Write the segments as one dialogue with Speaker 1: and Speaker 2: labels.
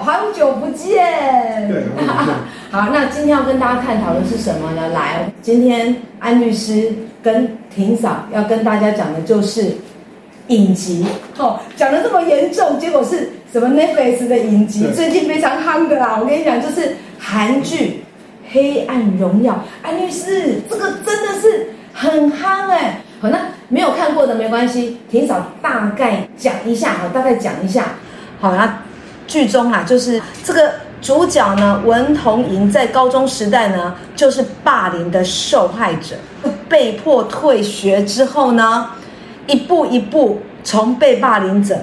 Speaker 1: 好、哦、久不見，久不見。好，好，那今天要跟大家探討的是什麼呢？嗯、來，今天安律師跟霆嫂要跟大家講的就是影集，哈、哦，講得這麼嚴重，結果是什麼 Netflix 的影集？最近非常夯的啦，我跟你講，就是韓劇《黑暗榮耀》。安律師，這個真的是很夯哎、欸。好，那沒有看過的沒關係，霆嫂大概講一下。好，大概講一下。好啊。那劇中啊，就是這個主角呢，文同珢在高中時代呢，就是霸凌的受害者，被迫退學之後呢，一步一步從被霸凌者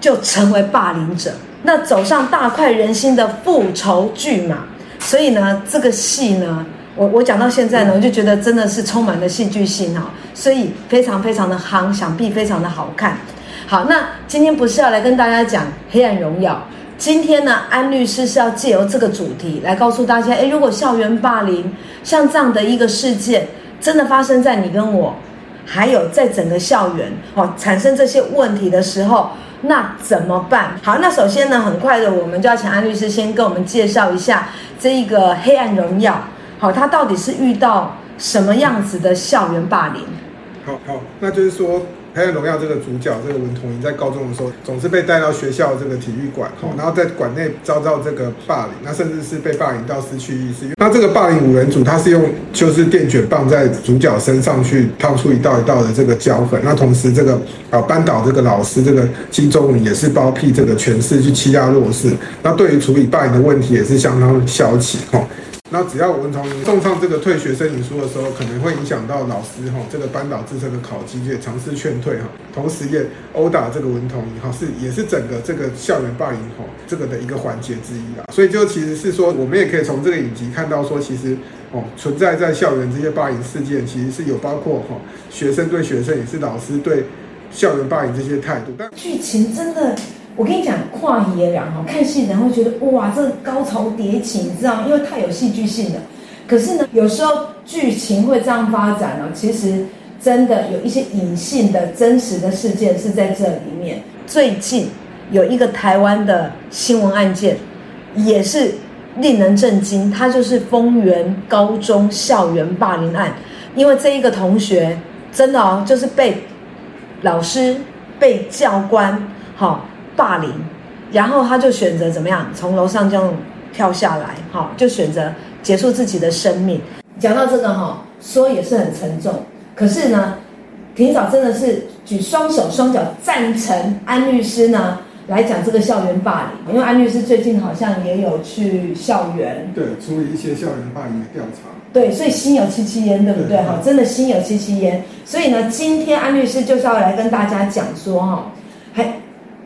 Speaker 1: 就成為霸凌者，那走上大快人心的復仇劇嘛。所以呢，這個戲呢，我我講到現在呢，我就覺得真的是充滿了戲劇性啊，所以非常非常的夯，想必非常的好看。好，那今天不是要來跟大家講《黑暗榮耀》。今天呢，安律師是要借由這個主題來告訴大家：誒、欸，如果校園霸凌像這樣的一個事件，真的發生在你跟我，還有在整個校園哦，產生這些問題的時候，那怎麼辦？好，那首先呢，很快的，我們就要請安律師先跟我們介紹一下這一個黑暗榮耀。好、哦，他到底是遇到什麼樣子的校園霸凌？
Speaker 2: 好，好，那就是說。黑暗榮耀這個主角，這個文同珢在高中的時候，總是被帶到學校的這個體育館，然後在館內遭到這個霸凌，那甚至是被霸凌到失去意識、嗯。那這個霸凌五人組，他是用就是電捲棒在主角身上去燙出一道一道的這個焦痕，那同時這個啊、呃、班導這個老師，這個金鐘文也是包庇這個權勢去欺壓弱勢，那對於處理霸凌的問題也是相當消極，哈、哦。那只要文同珢送上這個退學申請書的時候，可能會影響到老師哈，這個班導自身的考績，也嘗試勸退哈，同時也毆打這個文同珢哈，是也是整個這個校園霸凌哈這個的一個環節之一啦。所以就其實是說，我們也可以從這個影集看到說，其實哦存在在校園這些霸凌事件，其實是有包括哈、哦、學生對學生，也是老師對校園霸凌這些態度。但
Speaker 1: 劇情真的。我跟你講，跨業了哈，看戲然後覺得哇，這高潮迭起，你知道嗎？因為太有戲劇性了。可是呢，有時候劇情會這樣發展呢，其實真的有一些隱性的真實的事件是在這裡面。最近有一個台灣的新聞案件，也是令人震驚，它就是豐原高中校園霸凌案。因為這一個同學真的哦，就是被老師、被教官，好、哦。霸凌，然後他就選擇怎麼樣從樓上這樣跳下來，哈、哦，就選擇結束自己的生命。講到這個哈、哦，說也是很沉重。可是呢，霆嫂真的是舉雙手雙腳贊成安律師呢來講這個校園霸凌，因為安律師最近好像也有去
Speaker 2: 校園，對，做一些校園霸凌的調查。
Speaker 1: 對，所以心有戚戚焉，對不對？哈，真的心有戚戚焉。所以呢，今天安律師就是要來跟大家講說，哈，還。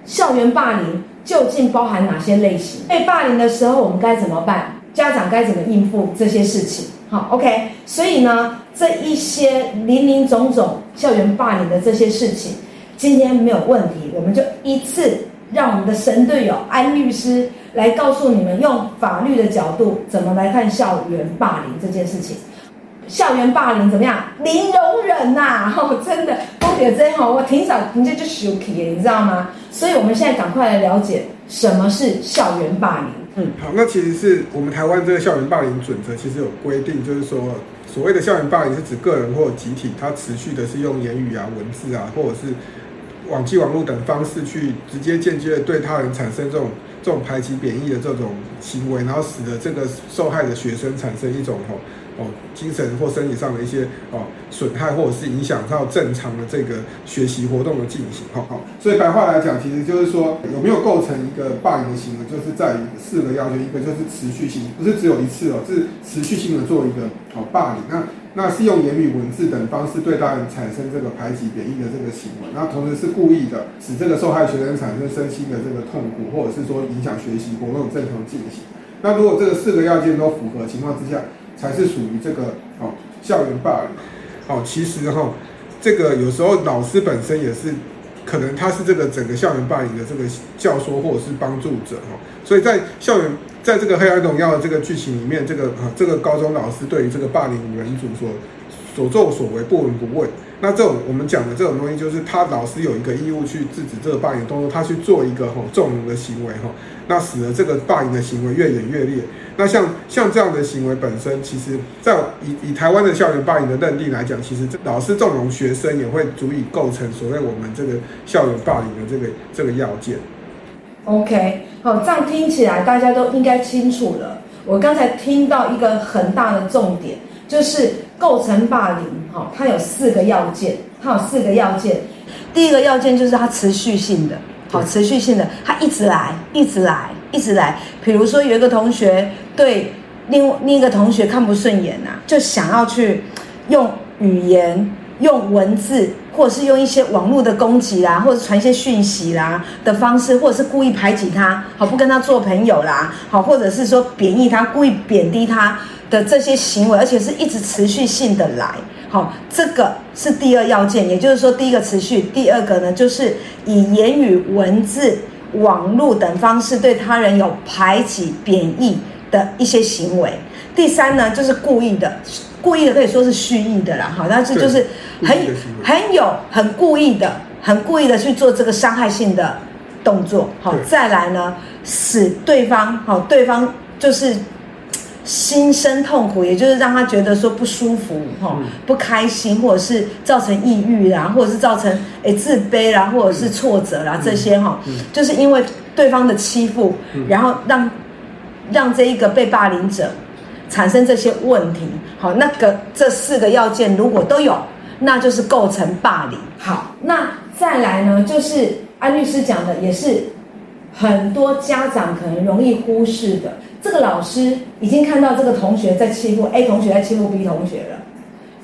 Speaker 1: 校園霸凌究竟包含哪些類型？被霸凌的時候我們該怎麼辦？家長該怎麼應付這些事情？好，OK。所以呢，這一些林林總總校園霸凌的這些事情，今天沒有問題，我們就依次讓我們的神隊友安律師來告訴你們，用法律的角度怎麼來看校園霸凌這件事情。校園霸凌怎麼樣？零容忍吶！哦，真的，龔姐真好，我聽少人家就 shock 耶，你知道嗎？所以，我們現在趕快來了解什麼是校園霸
Speaker 2: 凌。嗯，好，那其實是我們台灣這個校園霸凌準則其實有規定，就是說，所謂的校園霸凌是指個人或集體，他持續的是用言語啊、文字啊，或者是網際網絡等方式去直接間接的對他人產生這種這種排擠、貶義的這種行為，然後使得這個受害的學生產生一種哦，精神或生理上的一些哦損害，或者是影響到正常的這個學習活動的進行，哈、哦，好、哦，所以白話來講，其實就是說有沒有構成一個霸凌的行為，就是在於四個要件，一個就是持續性，不是只有一次哦，是持續性的做一個哦霸凌，那那是用言語、文字等方式對他人產生這個排擠、貶義的這個行為，那同時是故意的，使這個受害學生產生身心的這個痛苦，或者是說影響學習活動正常進行，那如果這個四個要件都符合情況之下，才是屬於這個哦校園霸凌。哦其實哈、哦，這個有時候老師本身也是，可能他是這個整個校園霸凌的這個教唆或者是幫助者哈、哦，所以在校園，在這個黑暗榮耀的這個劇情裡面，這個啊、哦、這個高中老師對於這個霸凌原主所所作所為不聞不問。那這種我們講的這種東西，就是他老師有一個義務去制止這個霸凌動作，他去做一個吼、哦、縱容的行為吼、哦、那使得這個霸凌的行為越演越烈。那像像這樣的行為本身，其實在以以台灣的校園霸凌的認定來講，其實這老師縱容學生也會足以構成所謂我們這個校園霸凌的這個這個要件。
Speaker 1: OK，好，這樣聽起來大家都應該清楚了。我剛才聽到一個很大的重點，就是。構成霸凌，哈，它有四個要件，它有四個要件。第一個要件就是它持續性的，好，持續性的，它一直來，一直來，一直來。比如說有一個同學對另另一個同學看不順眼吶、啊，就想要去用語言、用文字，或者是用一些網絡的攻擊啦，或者傳一些訊息啦的方式，或者是故意排擠他，好不跟他做朋友啦，好，或者是說貶抑他，故意貶低他。的這些行為，而且是一直持續性的來，好、哦，這個是第二要件，也就是說，第一個持續，第二個呢，就是以言語、文字、網絡等方式對他人有排擠、貶義的一些行為。第三呢，就是故意的，故意的可以說是蓄意的啦。好，但是就是很很有很故意的，很故意的去做這個傷害性的動作，好，再來呢，使對方，好、哦，對方就是。心生痛苦，也就是讓他覺得說不舒服，哈、喔，不開心，或者是造成抑鬱啦，然後或者是造成、欸、自卑啦，然後或者是挫折啦這些哈、喔，就是因為對方的欺負，然後讓讓這一個被霸凌者產生這些問題。好、喔，那個這四個要件如果都有，那就是構成霸凌。好，那再來呢，就是安律師講的，也是很多家長可能容易忽視的。這個老師已經看到這個同學在欺負 A 同學在欺負 B 同學了，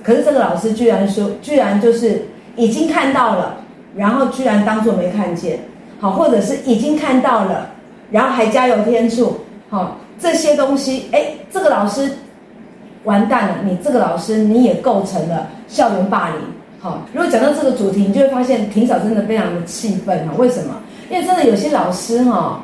Speaker 1: 可是這個老師居然說，居然就是已經看到了，然後居然當作沒看見，好，或者是已經看到了，然後還加油添醋，好、哦，這些東西，哎，這個老師完蛋了，你這個老師你也構成了校園霸凌，好、哦，如果講到這個主題，你就會發現霆嫂真的非常的氣憤啊，為什麼？因為真的有些老師哈。哦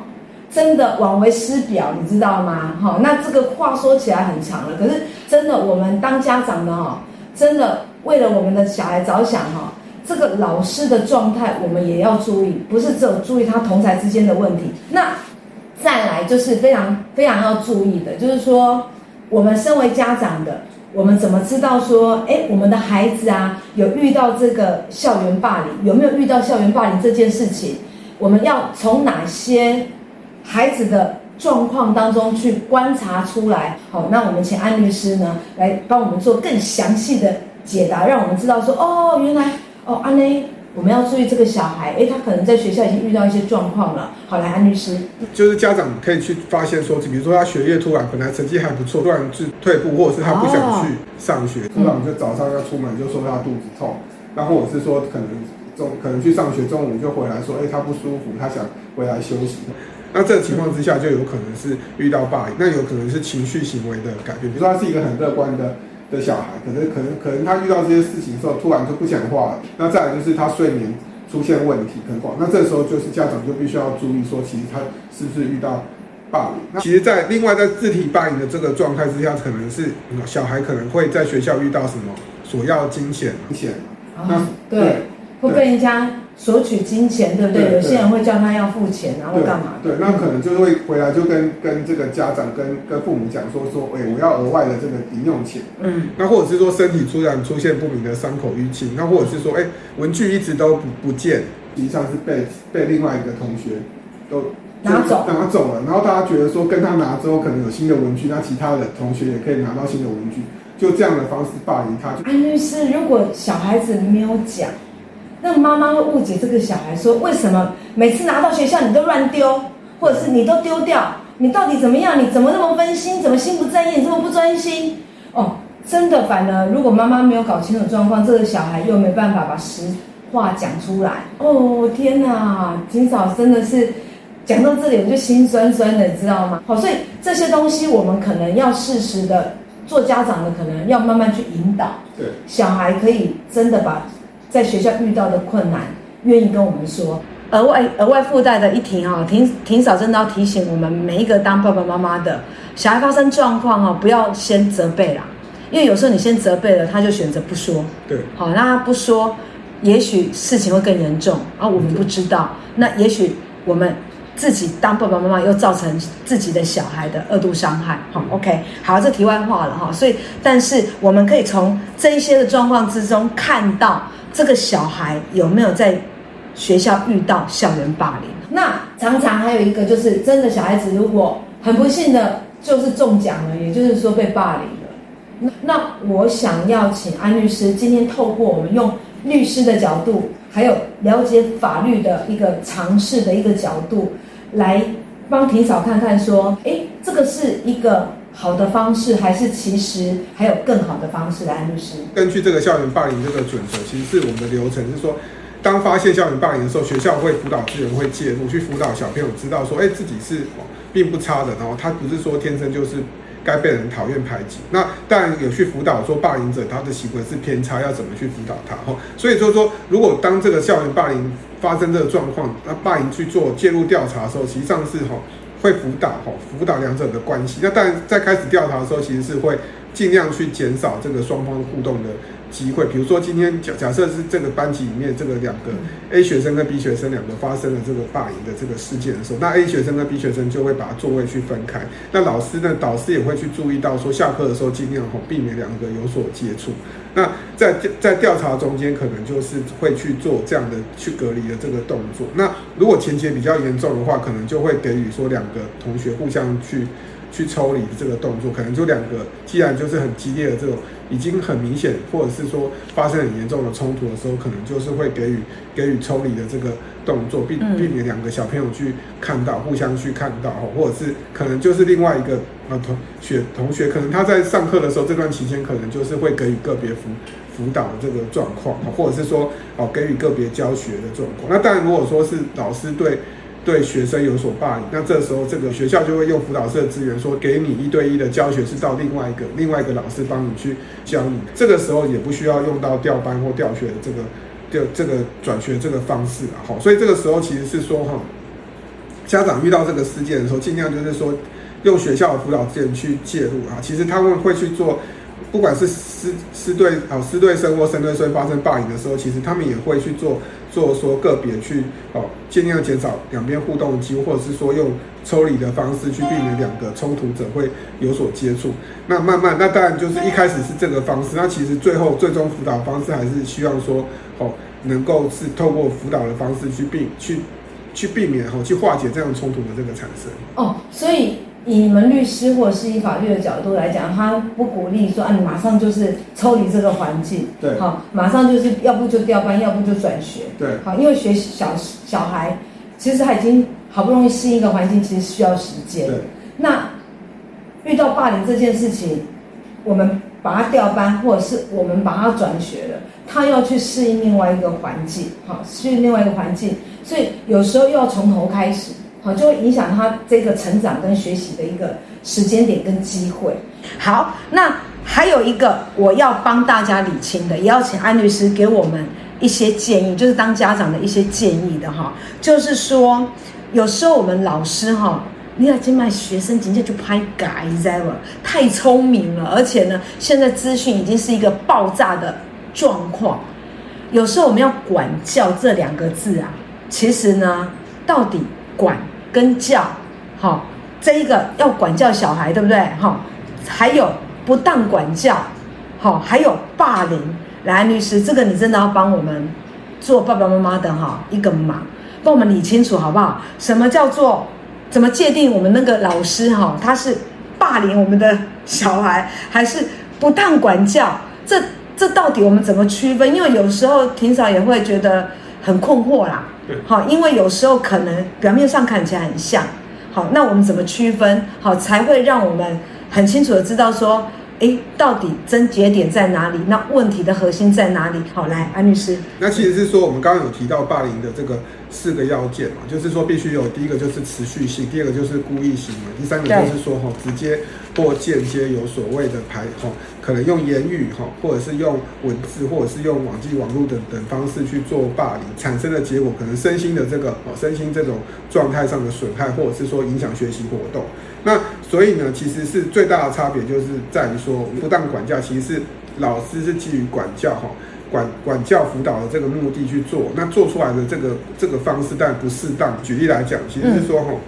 Speaker 1: 真的枉為師表，你知道嗎？哈，那這個話說起來很長了。可是真的，我們當家長的哦，真的為了我們的小孩着想哈，這個老師的狀態我們也要注意，不是只有注意他同才之間的問題。那再來就是非常非常要注意的，就是說我們身為家長的，我們怎麼知道說，哎、欸，我們的孩子啊有遇到這個校園霸凌，有沒有遇到校園霸凌這件事情？我們要從哪些？孩子的狀況當中去觀察出來，好，那我們請安律師呢來幫我們做更詳細的解答，讓我們知道說哦，原來哦，安、啊、呢，我們要注意這個小孩誒，他可能在學校已經遇到一些狀況了。好，來，安律師，
Speaker 2: 就是家長可以去發現說，比如說他學業突然本來成績還不錯，突然去退步，或者是他不想去上學，哦、突然就早上要出門就說他肚子痛，然後我是說可能中可能去上學，中午就回來說，哎，他不舒服，他想回來休息。那這個情況之下，就有可能是遇到霸凌，嗯，那有可能是情緒行為的改變。比如說他是一個很樂觀的的小孩，可能可能可能他遇到這些事情之後，突然就不講話了。那再來就是他睡眠出現問題，可能。那這時候就是家長就必須要注意，說其實他是不是遇到霸凌。那其實在，在另外在肢體霸凌的這個狀態之下，可能是小孩可能會在學校遇到什麼索要金錢，錢啊，對，
Speaker 1: 會被人家。索取金錢，對不對？對對對。有些人會叫他要付錢，然後幹嘛？
Speaker 2: 對，那可能就會回來就跟跟這個家長、跟跟父母講說說，哎、欸，我要額外的這個零用錢。嗯，那或者是說身體突然出現不明的傷口淤青，那或者是說，哎、欸，文具一直都不不見，實際上是被被另外一個同學都拿走，拿走了。然後大家覺得說跟他拿之後，可能有新的文具，那其他的同學也可以拿到新的文具，就這樣的方式霸凌他。
Speaker 1: 安律師，如果小孩子沒有講？那媽媽會誤解這個小孩，說為什麼每次拿到學校你都亂丟，或者是你都丟掉？你到底怎麼樣？你怎麼那麼分心？怎麼心不在焉？你這麼不專心？哦，真的反了。如果媽媽沒有搞清楚狀況，這個小孩又沒辦法把實話講出來。哦，天哪！霆嫂真的是講到這裡，我就心酸酸的，你知道嗎？好，所以這些東西我們可能要適時的做家長的，可能要慢慢去引導。對，小孩可以真的把。在學校遇到的困難，願意跟我們說。額外額外附帶的一題、喔、停哈，霆嫂真的要提醒我們，每一個當爸爸媽媽的，小孩發生狀況哈，不要先責備啦，因為有時候你先責備了，他就選擇不說。對，好，那他不說，也許事情會更嚴重啊。我們不知道，那也許我們自己當爸爸媽媽又造成自己的小孩的二度傷害。好，OK，好，這題外話了哈。所以，但是我們可以從這一些的狀況之中看到。這個小孩有沒有在學校遇到校園霸凌？那常常還有一個就是，真的小孩子如果很不幸的就是中獎了，也就是說被霸凌了。那我想要請安律師今天透過我們用律師的角度，還有了解法律的一個常識的一個角度，來幫霆嫂看看說，哎，這個是一個。好的方式，還是其實還有更好的方式來。安律
Speaker 2: 師根據這個校園霸凌這個準則，其實是我們的流程，就是說，當發現校園霸凌的時候，學校會輔導資源會介入去輔導小朋友，知道說，哎、欸，自己是並不差的，然後他不是說天生就是該被人討厭排擠。那當然有去輔導說霸凌者他的行為是偏差，要怎麼去輔導他哈、哦。所以說說，如果當這個校園霸凌發生這個狀況，那霸凌去做介入調查的時候，其實際上是吼。哦會輔導哈，輔導兩者的關係。那當然，在開始調查的時候，其實是會儘量去減少這個雙方互動的機會。比如說，今天假假設是這個班級裡面這個兩個 A 學生跟 B 學生兩個發生了這個霸凌的這個事件的時候，那 A 學生跟 B 學生就會把座位去分開。那老師呢，導師也會去注意到說，下課的時候儘量避免兩個有所接觸。那在在調查中間，可能就是會去做這樣的去隔離的這個動作。那如果情節比較嚴重的話，可能就會給予說兩個同學互相去。去抽離的這個動作，可能就兩個，既然就是很激烈的這種，已經很明顯，或者是說發生很嚴重的衝突的時候，可能就是會給予給予抽離的這個動作，避避免兩個小朋友去看到，互相去看到，或者是可能就是另外一個啊。同學同學，可能他在上課的時候，這段期間，可能就是會給予個別輔輔導的這個狀況，或者是說哦、啊、給予個別教學的狀況。那當然，如果說是老師對。對學生有所霸凌，那這時候這個學校就會用輔導室資源，說給你一對一的教學是到另外一個另外一個老師幫你去教你，這個時候也不需要用到調班或調學的這個調這個轉學這個方式啊。好，所以這個時候其實是說哈，家長遇到這個事件的時候，盡量就是說用學校的輔導資源去介入啊，其實他們會去做。不管是師師對哦，師對生或生對生發生霸凌的時候，其實他們也會去做做說個別去哦，儘量減少兩邊互動的機會，或者是說用抽離的方式去避免兩個衝突者會有所接觸。那慢慢，那當然就是一開始是這個方式，那其實最後最終輔導方式還是希望說哦，能夠是透過輔導的方式去避去去避免哦，去化解這樣衝突的這個產生。
Speaker 1: 哦，所以。以你們律師或是以法律的角度來講，他不鼓勵說啊，你馬上就是抽離這個環境，對，好，馬上就是要不就調班，要不就轉學，對，好，因為學小小孩，其實他已經好不容易適應一個環境，其實需要時間。對，那遇到霸凌這件事情，我們把他調班，或者是我們把他轉學了，他要去適應另外一個環境，好，適應另外一個環境，所以有時候又要從頭開始。好，就會影響他這個成長跟學習的一個時間點跟機會。好，那還有一個我要幫大家理清的，也要請安律師給我們一些建議，就是當家長的一些建議的哈。就是說，有時候我們老師哈，你要經把學生直接就拍改在了，太聰明了。而且呢，現在資訊已經是一個爆炸的狀況。有時候我們要管教這兩個字啊，其實呢，到底管。跟教，好、哦，這一個要管教小孩，對不對？哈、哦，還有不當管教，好、哦，還有霸凌。來，律師，這個你真的要幫我們做爸爸媽媽的哈一個忙，幫我們理清楚好不好？什麼叫做？怎麼界定我們那個老師哈、哦，他是霸凌我們的小孩，還是不當管教？這這到底我們怎麼區分？因為有時候霆嫂也會覺得很困惑啦。好，因為有時候可能表面上看起來很像，好，那我們怎麼區分好，才會讓我們很清楚的知道說，哎，到底癥結點在哪裡？那問題的核心在哪裡？好，來，安律師，
Speaker 2: 那其實是說我們剛剛有提到霸凌的這個四個要件嘛，就是說必須有第一個就是持續性，第二個就是故意性嘛，第三個就是說好直接。或間接，有所謂的排吼，可能用言語吼，或者是用文字，或者是用網際網絡等等方式去做霸凌，產生的結果可能身心的這個哦，身心這種狀態上的損害，或者是說影響學習活動。那所以呢，其實是最大的差別就是在於說，不當管教其實是老師是基於管教吼，管管教輔導的這個目的去做，那做出來的這個這個方式，但不適當。舉例來講，其實是說吼，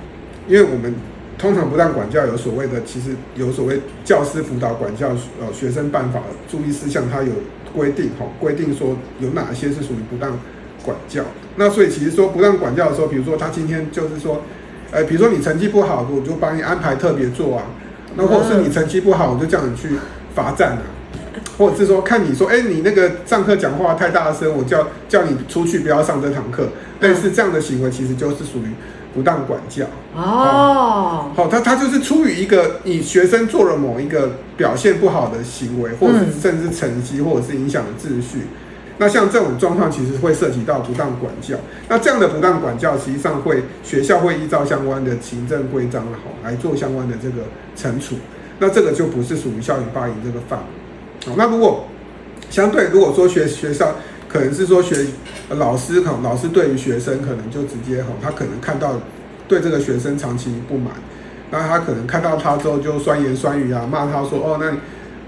Speaker 2: 因為我們。通常不當管教有所謂的，其實有所謂教師輔導管教呃學生辦法注意事項，它有規定哈，規定說有哪些是屬於不當管教。那所以其實說不當管教的時候，比如說他今天就是說，哎、欸，比如說你成績不好，我就幫你安排特別座啊，那或者是你成績不好，我就叫你去罰站啊；或者是說看你說，哎、欸，你那個上課講話太大聲，我叫叫你出去不要上這堂課。但是這樣的行為其實就是屬於。不當管教哦，好、哦，他他就是出於一個你學生做了某一個表現不好的行為，或者是甚至成績，或者是影響的秩序、嗯，那像這種狀況，其實會涉及到不當管教。那這樣的不當管教，實際上會學校會依照相關的行政規章，好、哦、來做相關的這個懲處。那這個就不是屬於校園霸凌這個範圍。好、哦，那如果相對如果說學學校。可能是說學老師，可能老師對於學生可能就直接吼。他可能看到對這個學生長期不滿，那他可能看到他之後就酸言酸語啊，罵他說哦，那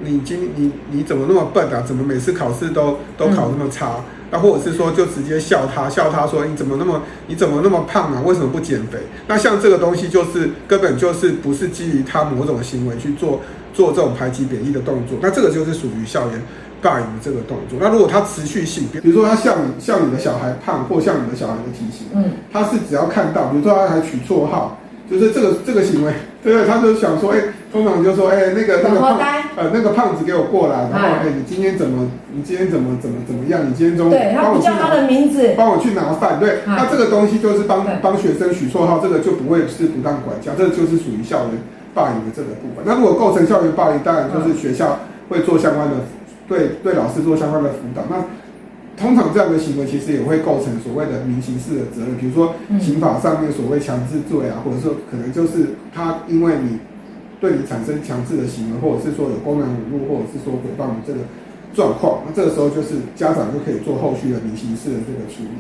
Speaker 2: 你今你你，你怎麼那麼笨啊？怎麼每次考試都都考那麼差？那、嗯啊、或者是說就直接笑他，笑他說你怎麼那麼你怎麼那麼胖啊？為什麼不減肥？那像這個東西就是根本就是不是基於他某種行為去做做這種排擠貶義的動作，那這個就是屬於校園。霸凌這個動作，那如果他持續性，比如說他像你像你的小孩胖，或像你的小孩的體型，嗯，他是只要看到，比如說他還取綽號，就是這個這個行為，對，他就想說，哎、欸，通常就說，哎、欸，那個那個胖，呃，那個胖子給我過來，然後，哎、欸，你今天怎麼你今天怎麼怎麼怎麼樣，你今天中午幫我去拿，幫我去拿飯，對，那、啊、這個東西就是幫幫學生取綽號，這個就不會是不當管教，這個就是屬於校園霸凌的這個部分。那如果構成校園霸凌，當然就是學校會做相關的。對對，對老師做相關的輔導。那通常這樣的行為其實也會構成所謂的民刑事的責任，比如說刑法上面所謂強制罪啊，或者說可能就是他因為你對你產生強制的行為，或者是說有公然侮辱，或者是說誹謗的這個狀況，那這個時候就是家長就可以做後續的民刑事的這個處理。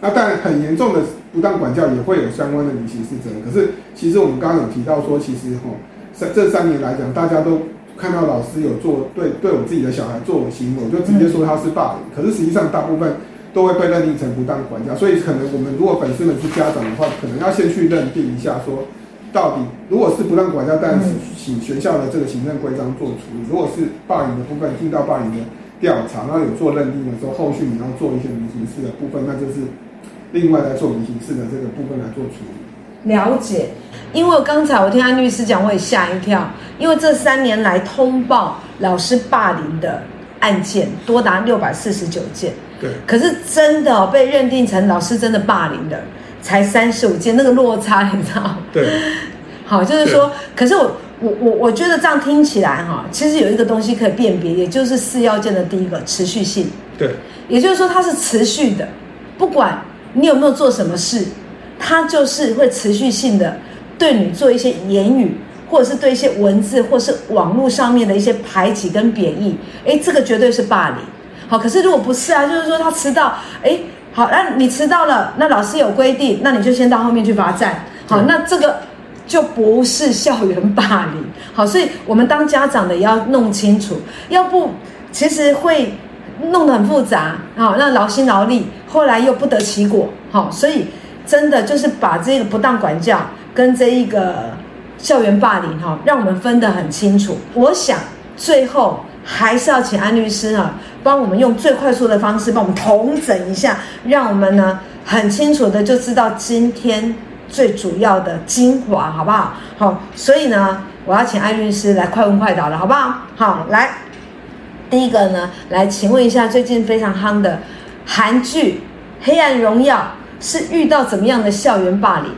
Speaker 2: 那當然很嚴重的不當管教也會有相關的民刑事責任。可是其實我們剛剛有提到說，其實哈、哦、這三年來講，大家都。看到老師有做對對我自己的小孩做了行為，我就直接說他是霸凌。可是實際上大部分都會被認定成不當管教，所以可能我們如果粉絲們是家長的話，可能要先去認定一下說，說到底如果是不當管教，但是請學校的這個行政規章做處理；如果是霸凌的部分，進到霸凌的調查，然後有做認定的時候，後續你要做一些民刑事的部分，那就是另外再做民刑事的這個部分來做處理。
Speaker 1: 了解，因為剛才我聽安律師講，我也嚇一跳。因為這三年來通報老師霸凌的案件多達六百四十九件，對，可是真的被認定成老師真的霸凌的才三十五件，那個落差你知道，對，好，就是說，可是我我我我覺得這樣聽起來哈，其實有一個東西可以辨別，也就是四要件的第一個持續性，對，也就是說它是持續的，不管你有沒有做什麼事。他就是會持續性的對你做一些言語，或者是對一些文字，或者是網絡上面的一些排擠跟貶義。哎，這個絕對是霸凌。好，可是如果不是啊，就是說他遲到，哎，好，那你遲到了，那老師有規定，那你就先到後面去罰站。好，那這個就不是校園霸凌。好，所以我們當家長的也要弄清楚，要不其實會弄得很複雜，好，那勞心勞力，後來又不得其果。好，所以。真的就是把這個不當管教跟這一個校園霸凌哈、哦，讓我們分得很清楚。我想最後還是要請安律師啊，幫我們用最快速的方式幫我們統整一下，讓我們呢很清楚的就知道今天最主要的精華好不好？好、哦，所以呢，我要請安律師來快問快答了，好不好？好，來第一個呢，來請問一下最近非常夯的韓劇《黑暗榮耀》。是遇到怎麼樣的校園霸凌？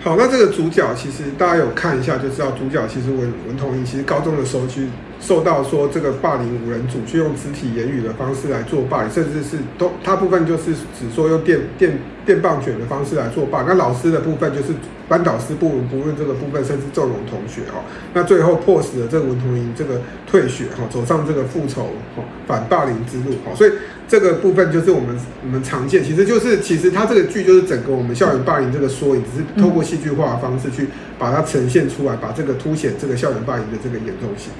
Speaker 2: 好，那這個主角其實大家有看一下就知道，主角其實文、文同珢，其實高中的時候去。受到說這個霸凌五人組去用肢體言語的方式來作霸凌，甚至是都大部分就是只說用電電電棒卷的方式來作霸。那老師的部分就是班導師不聞不問這個部分，甚至縱容同學哦。那最後迫使了這個文同珢這個退學哈、哦，走上這個復仇哈、哦、反霸凌之路哈、哦。所以這個部分就是我們我們常見，其實就是其實它這個劇就是整個我們校園霸凌這個縮影，只是透過戲劇化的方式去把它呈現出來，嗯、把這個凸顯這個校園霸凌的這個嚴重性。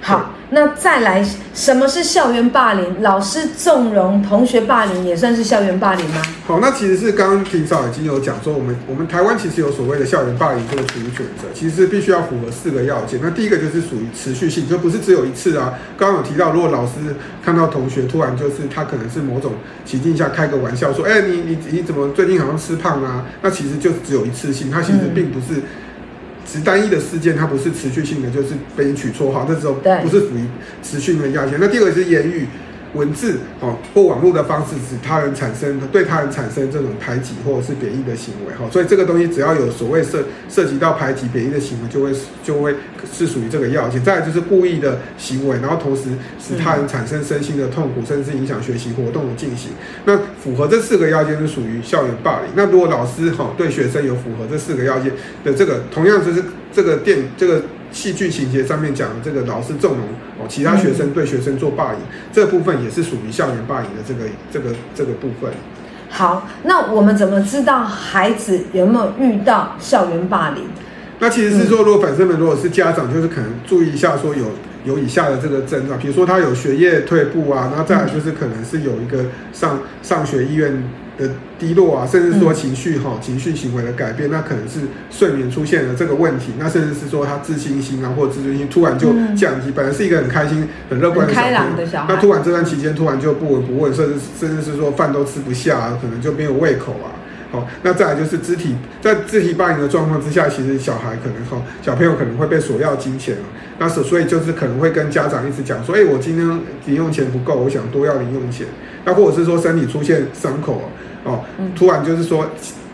Speaker 2: 好、
Speaker 1: 嗯，那再來，什麼是校園霸凌？老師縱容同學霸凌，也算是校園霸凌嗎？
Speaker 2: 好，那其實是剛剛霆嫂已經有講說我，我們我們台灣其實有所謂的校園霸凌這個定義選擇其實是必須要符合四個要件。那第一個就是屬於持續性，就不是只有一次啊。剛剛有提到，如果老師看到同學突然就是他可能是某種情境下開個玩笑說，哎、欸，你你你怎麼最近好像吃胖啊？那其實就只有一次性，它其實並不是、嗯。只是單一的事件，它不是持續性的，就是被取綽號，那時候不是屬於持續性的要件。那第二個是言語。文字哦，或網絡的方式使他人產生對他人產生這種排擠或者是貶義的行為哈、哦，所以這個東西只要有所謂涉涉及到排擠貶義的行為，就會就會是屬於這個要件。再就是故意的行為，然後同時使他人產生身心的痛苦，甚至影響學習活動的進行，嗯。那符合這四個要件是屬於校園霸凌。那如果老師哈、哦，對學生有符合這四個要件的這個，同樣就是這個電這個。戲劇情節上面講的這個老師縱容哦，其他學生對學生做霸凌，嗯，這部分也是屬於校園霸凌的這個這個這個部分。好，
Speaker 1: 那我們怎麼知道孩子有沒有遇到校園霸凌？
Speaker 2: 那其實是說，如果粉絲們如果是家長，就是可能注意一下，說有有以下的這個症狀，比如說他有學業退步啊，那再來就是可能是有一個上上學意願的低落啊，甚至說情緒哈、哦嗯，情緒行為的改變，那可能是睡眠出現了這個問題。那甚至是說他自信心啊或者自尊心突然就降低、嗯，本來是一個很開心很樂觀的小朋友、很開朗的小孩，那突然這段期間突然就不聞不問，甚至甚至是說飯都吃不下、啊，可能就沒有胃口啊。好、哦，那再來就是肢體，在肢體霸凌的狀況之下，其實小孩可能哈、哦，小朋友可能會被索要金錢啊，那所所以就是可能會跟家長一直講說，以、欸，我今天零用錢不夠，我想多要零用錢，那或者是說身體出現傷口哦，突然就是說，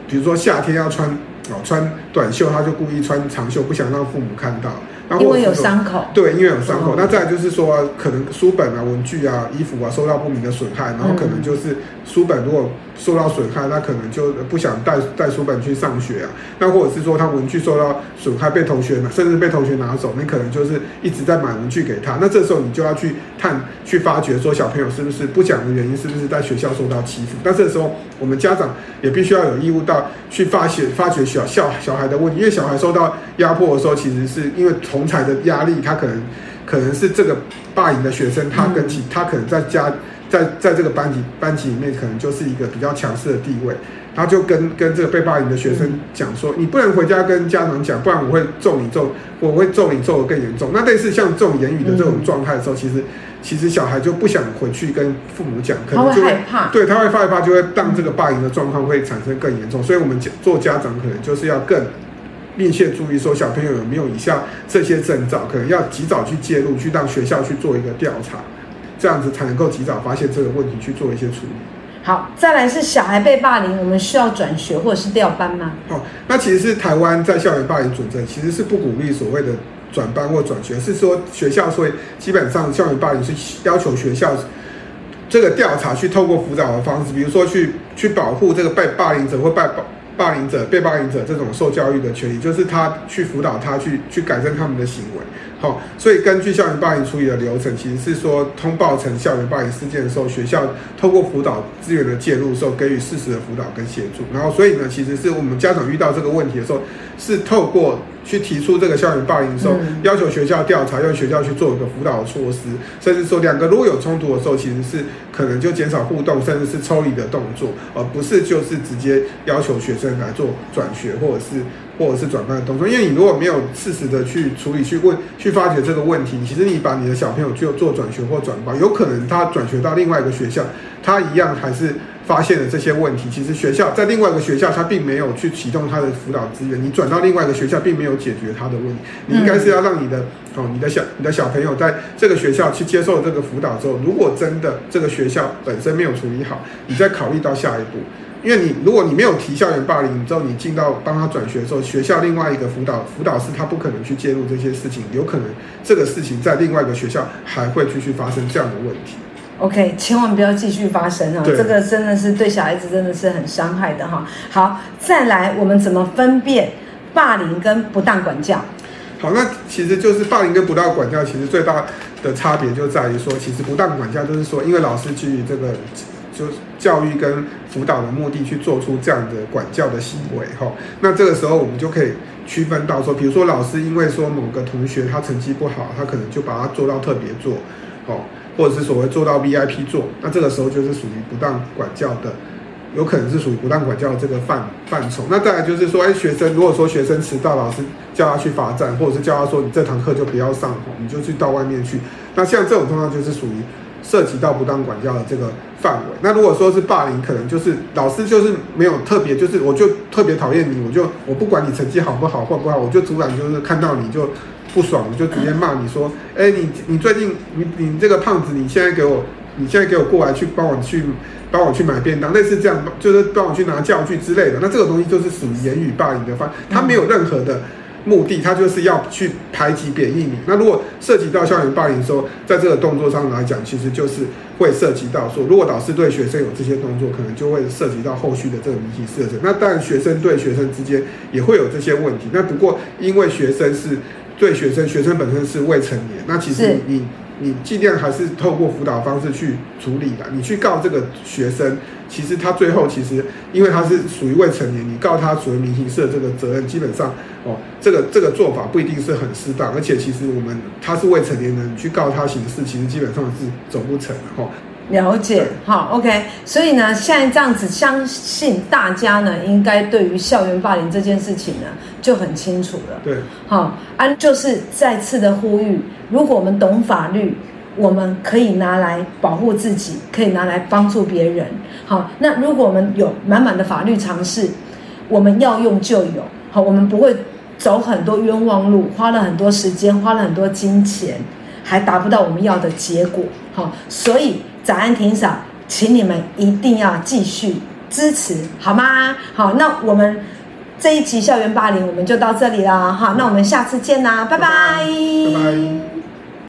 Speaker 2: 比如說夏天要穿哦穿短袖，他就故意穿長袖，不想讓父母看到。然後因為有傷口，對，因為有傷口。哦，那再就是說，可能書本啊、文具啊、衣服啊受到不明的損害，然後可能就是書本如果受到損害，那可能就不想帶帶書本去上學啊。那或者是說他文具受到損害，被同學甚至被同學拿走，你可能就是一直在買文具給他。那這時候你就要去探去發掘，說小朋友是不是不想的原因，是不是在學校受到欺負？那這時候我們家長也必須要有義務到去發掘發掘小小小孩的問題，因為小孩受到壓迫的時候，其實是因為。同儕的壓力，他可能可能是這個霸凌的學生，他跟其他可能在家在在這個班級班級裡面，可能就是一個比較強勢的地位，他就跟跟這個被霸凌的學生講說，你不能回家跟家長講，不然我會揍你揍，我會揍你揍得更嚴重。那類似像這種言語的這種狀態的時候，其實其實小孩就不想回去跟父母講，可能就會怕，對他會害怕，就會讓這個霸凌的狀況會產生更嚴重。所以，我們講，做家長可能就是要更。密切注意說小朋友有沒有以下這些徵兆，可能要及早去介入，去讓學校去做一個調查，這樣子才能夠及早發現這個問題去做一些處理。好，再來是
Speaker 1: 小孩被霸凌，我們需要轉學
Speaker 2: 或者是調班嗎？好，那其實是台灣在校園霸凌準則，其實是不鼓勵所謂的轉班或轉學，是說學校所以基本上校園霸凌是要求學校這個調查去透過輔導的方式，比如說去去保護這個被霸凌者或被保。霸凌者、被霸凌者這種受教育的權利，就是他去輔導他去去改正他們的行為。好、哦，所以根據校園霸凌處理的流程，其實是說通報成校園霸凌事件的時候，學校透過輔導資源的介入的時候給予適時的輔導跟協助。然後，所以呢，其實是我們家長遇到這個問題的時候，是透過。去提出這個校園霸凌的時候，嗯，要求學校調查，要學校去做一個輔導的措施，甚至說兩個如果有衝突的時候，其實是可能就減少互動，甚至是抽離的動作，而，呃，不是就是直接要求學生來做轉學或者是或者是轉班的動作。因為你如果沒有適時的去處理、去問、去發掘這個問題，其實你把你的小朋友就做轉學或轉班，有可能他轉學到另外一個學校，他一樣還是。發現了這些問題，其實學校在另外一個學校，他並沒有去啟動他的輔導資源。你轉到另外一個學校，並沒有解決他的問題。你應該是要讓你的、嗯、哦，你的小你的小朋友在這個學校去接受這個輔導之後，如果真的這個學校本身沒有處理好，你再考慮到下一步。因為你如果你沒有提校園霸凌，你之後你進到幫他轉學之後，學校另外一個輔導輔導師他不可能去介入這些事情，有可能這個事情在另外一個學校還會繼續發生這樣的問題。OK，千萬不要繼續
Speaker 1: 發生哈、啊！這個真的是對小孩子真的是很傷害的哈、啊。好，再來我們怎麼分辨霸凌跟不當管教？
Speaker 2: 好，那其實就是霸凌跟不當管教，其實最大的差別就在於說，其實不當管教就是說，因為老師基於這個就是教育跟輔導的目的去做出這樣的管教的行為哈、哦。那這個時候我們就可以區分到說，比如說老師因為說某個同學他成績不好，他可能就把他坐到特別座。哦或者是所謂做到 VIP 座，那這個時候就是屬於不當管教的，有可能是屬於不當管教的這個范範疇。那再來就是說，哎，學生如果說學生遲到，老師叫他去罰站，或者是叫他說你這堂課就不要上，你就去到外面去。那像這種狀況就是屬於涉及到不當管教的這個範圍。那如果說是霸凌，可能就是老師就是沒有特別，就是我就特別討厭你，我就我不管你成績好不好壞不好，我就主管就是看到你就。不爽你就直接罵你說，哎你你最近你你這個胖子你現在給我你現在給我過來去幫我去幫我去買便當類似這樣就是幫我去拿教具之類的。那這個東西就是屬於言語霸凌的話他沒有任何的目的，他就是要去排擠貶抑你。那如果涉及到校園霸凌的時候，說在這個動作上來講，其實就是會涉及到說，如果老師對學生有這些動作，可能就會涉及到後續的這個謎題設置。那當然學生對學生之間也會有這些問題。那不過因為學生是。對學生，學生本身是未成年，那其實你你你盡量還是透過輔導方式去處理的。你去告這個學生，其實他最後其實因為他是屬於未成年，你告他屬於民事的這個責任，基本上哦，這個這個做法不一定是很適當。而且其實我們他是未成年人，你去告他刑事，其實基本上是走不成的哈。哦了解，
Speaker 1: 好，OK。所以呢，現在這樣子，相信大家呢，應該對於校園霸凌這件事情呢，就很清楚了。對，好，安、啊、就是再次的呼籲，如果我們懂法律，我們可以拿來保護自己，可以拿來幫助別人。好，那如果我們有滿滿的法律常識，我們要用就有。好，我們不會走很多冤枉路，花了很多時間，花了很多金錢，還達不到我們要的結果。好，所以。找安、霆嫂，請你們一定要繼續支持，好嗎？好，那我們這一集校園霸凌我們就到這裡了，好，那我們下次見啦，嗯、拜拜。拜拜拜拜。